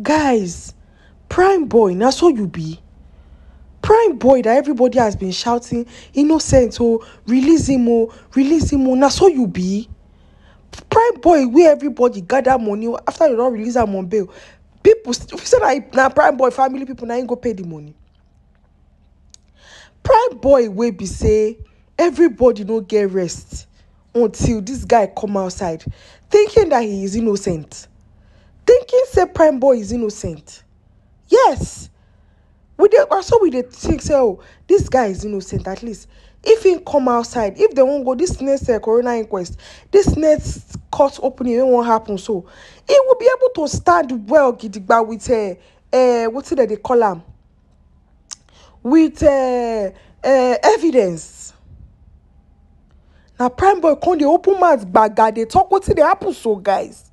guys prime boy na so you be prime boy that everybody has been shouting innocent oh release him oh release him oh na so you be prime boy wey everybody gather money after you don release am on bail people say na na prime boy family people na him go pay the money prime boy wey be say everybody no get rest until this guy come outside thinking that he is innocent thinking say prime boy is innocent yes we dey na we dey think say oh this guy is innocent at least if he come outside if they wan go this next uh, coroner inquest this next court opening wey wan happen so he will be able to stand well gidigba with uh, uh, wetin dem dey call am with uh, uh, evidence na prime boy come dey open mouth gbaga dey talk wetin dey happen so guys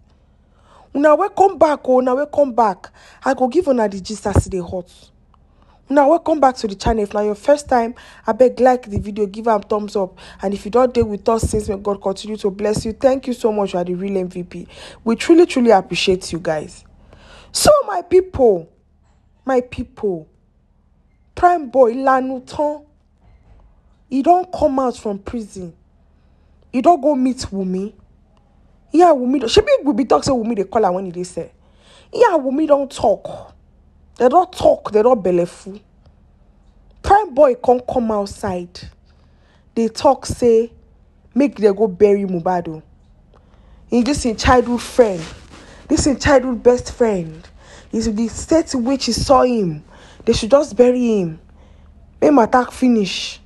Now welcome back oh now welcome back i go give on the gist as e hot welcome back to the channel if now your first time I beg like the video give them thumbs up and if you don't deal with us since may god continue to bless you thank you so much you are real mvp we truly truly appreciate you guys so my people, my people, prime boy he don't come out from prison He don't go meet wunmi yeah She don shebi be talk say wunmi dey call am when e dey sell yeah wunmi don't talk They don't talk dem don belleful prime boy can't come outside They talk say make they go bury mohbad o im dis childhood friend This im childhood best friend is the state in which he saw him they should just bury him make matter finish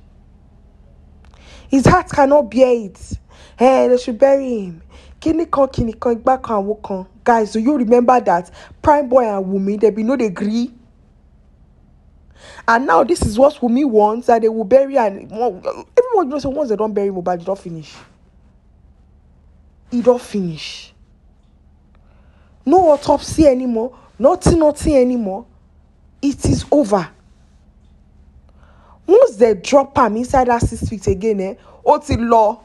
his heart cannot bear it hey, eh, they should bury him kini kan kini kan igba kan awo kan guys do you remember that prime boy and wumi dem be no dey gree and now this is what wumi want that they will bury and everyone know say once dem don bury mohbad e don finish e don finish no autopsy anymore nothing nothing anymore it is over once they drop am inside that six feet again eh o ti lọ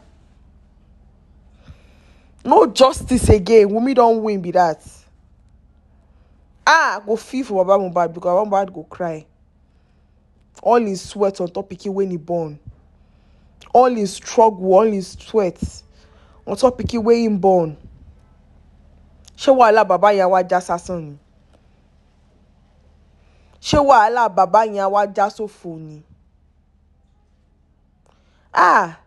no justice again wunmi don win be that. ah i go feel for baba mohbad because baba mohbad go cry all him sweat on top pikin wey he born all him struggle all him sweat on top pikin wey him born ṣé wàhálà Baba yẹn wá já sásán ni ṣé wàhálà bàbá yẹn wá já sófo ni ah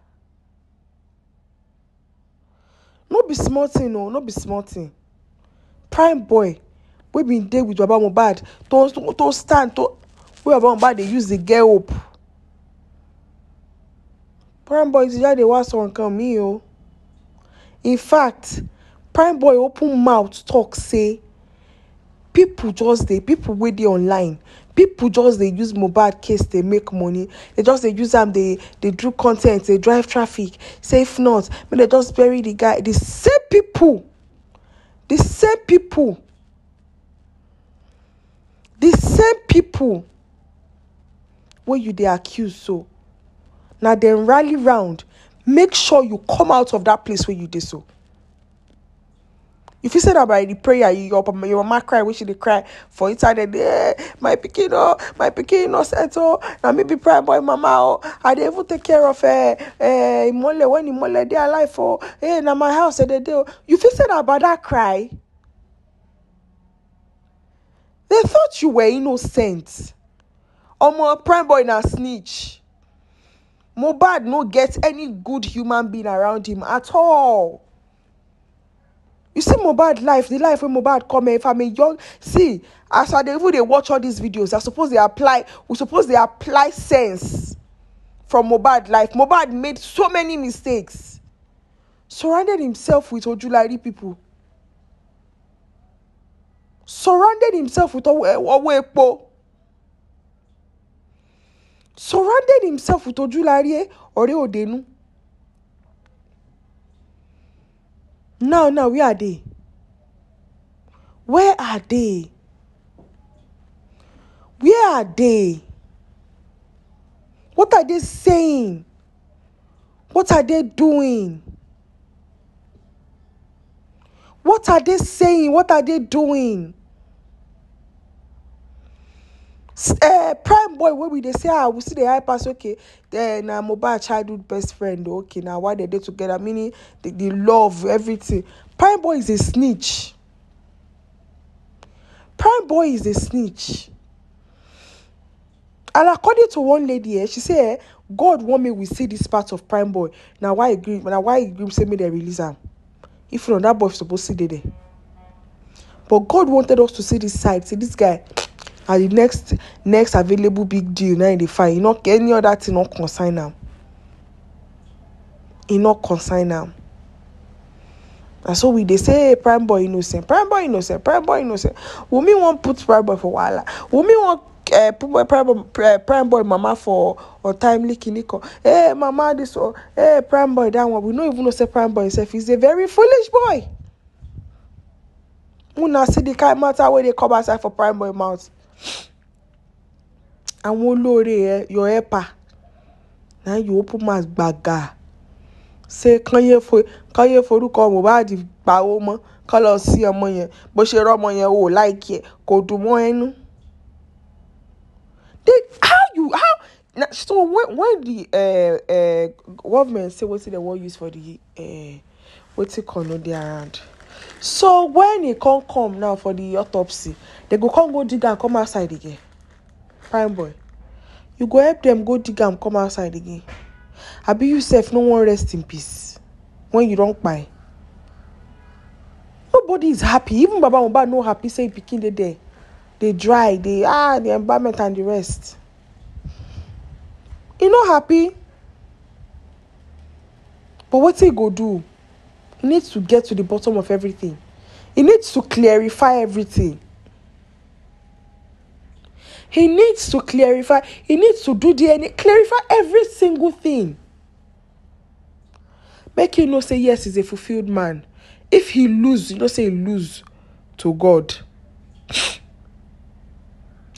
no be small thing o no be small thing prime boy wey bin dey wit baba mohbad to to stand to wey baba mohbad dey use dey get hope prime boy ti jáde wá sọ nǹkan míì o in fact prime boy open mouth talk say People just dey people wey dey online People just dey use mohbad case dey make money They just dey use am dey dey do con ten t dey drive traffic say if not make they just bury the guy The same people, the same people, the same people. wey you dey accuse so na dem rally round make sure you come out of dat place wey you dey so If you say that by the prayer, your, your mama cry, which to cry for inside the day, my picking oh, my picking no settle. Oh, now maybe pray boy mama oh, I they even take care of her. Eh, eh, Imole when Imole they alive oh, eh, now my house they do. Oh. You feel say that about that cry. They thought you were innocent. Omo prime boy na snitch. Mobad no get any good human being around him at all. you see mohbad life the life wey mohbad come if i'm a young see as i dey they watch all these videos i suppose they apply we suppose they apply sense from mohbad life mohbad made so many mistakes surrounded himself with ojulari people surrounded himself with Owepo. Eh, surrounded himself with ojulari ọ̀rẹ́ eh, òdenu now now where are they where are they where are they what are they saying what are they doing what are they saying what are they doing uh, prime boy wey we dey say ah we still dey hype pass okay uh, na mohbad childhood best friend okay na why dem dey together meaning the the love everything prime boy is a snitch prime boy is a snitch and according to one lady eh she say eh god want make we see this part of prime boy na why he gree na why he gree say make dem release am if not that boy suppose still dey there but god wanted us to see this side say this guy na the next next available big deal na im dey find e no any other thing no concern am e no concern am na so we dey say hey, prime boy innocent prime boy innocent prime boy innocent wunmi wan put prime boy for wahala wunmi wan uh, prime boy uh, prime boy mama for untimely kini kan hey mama this one hey eh, prime boy that one we no even know say prime boy himself He's a very foolish boy una see the kind matter wey dey come outside for prime boy mouth àwọn olóore your helper na you open mouth gbàgà ṣe kanye forúkọ Mohbad pawó mọ́ kán lọ sí ọmọ yẹn bó ṣe rọ́mọ yẹn o láìkí ẹ̀ kò dùn mọ́ ẹnu. how you how na so when when the uh, uh, government say wetin dem wan use for the uh, wetin call no dey around so when e come come now for the autopsy they go come go dig am come outside again prime boy you go help them go dig am come outside again abi you sef no wan rest in peace When you don kpai nobody is happy even baba mohbad no happy say him pikin dey there dey dry dey ah the environment and the rest e no happy but wetin e go do needs to get to the bottom of everything. He needs to clarify everything. He needs to clarify. He needs to do the DNA, clarify every single thing. Make you know, say, yes, he's a fulfilled man. If he lose, you know, say, lose to God.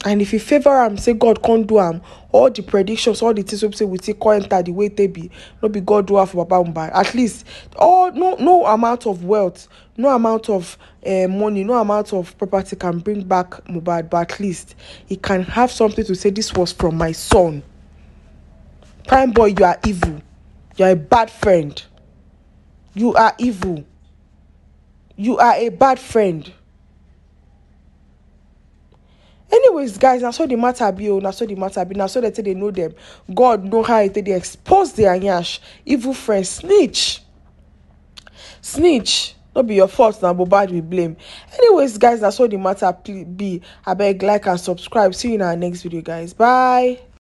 and if you favour am say god come do am all the predictions all the things wey be say we take come enter the way they be no be god do am for baba mohbad at least all no no amount of wealth no amount of uh, money no amount of property can bring back mohbad but at least he can have something to say this was from my son prime boy you are evil you are a bad friend you are evil you are a bad friend. anyways guys na so the matter be o oh, na so the matter be Now, so they say they know them god know how they take expose their nyash evil friends snitch snitch Don't be your fault but bad we blame anyways guys that's all the matter be beg like and subscribe see you in our next video guys bye